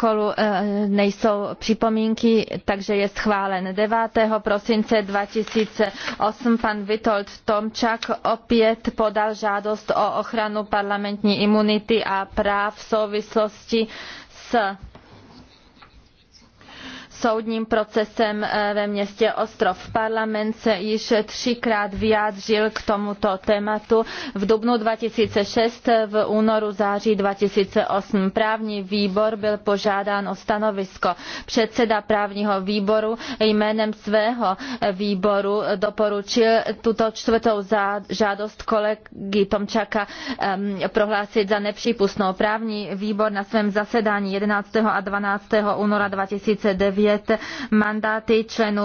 protokolu eh, nejsou připomínky, takže je schválen. 9. prosince 2008 pan witold Tomčak opět podal žádost o ochranu parlamentní imunity a práv v souvislosti s soudním procesem eh, ve městě Ostrov. Parlament se již třikrát vyjádřil k tomuto tématu v dubnu 2006, v únoru září 2008. Právní výbor byl požádán o stanovisko. Předseda právního výboru jménem svého výboru doporučil tuto čtvrtou žádost kolegy Tomčaka prohlásit za nepřípustnou. Právní výbor na svém zasedání 11. a 12. února 2009 vidět mandáty členů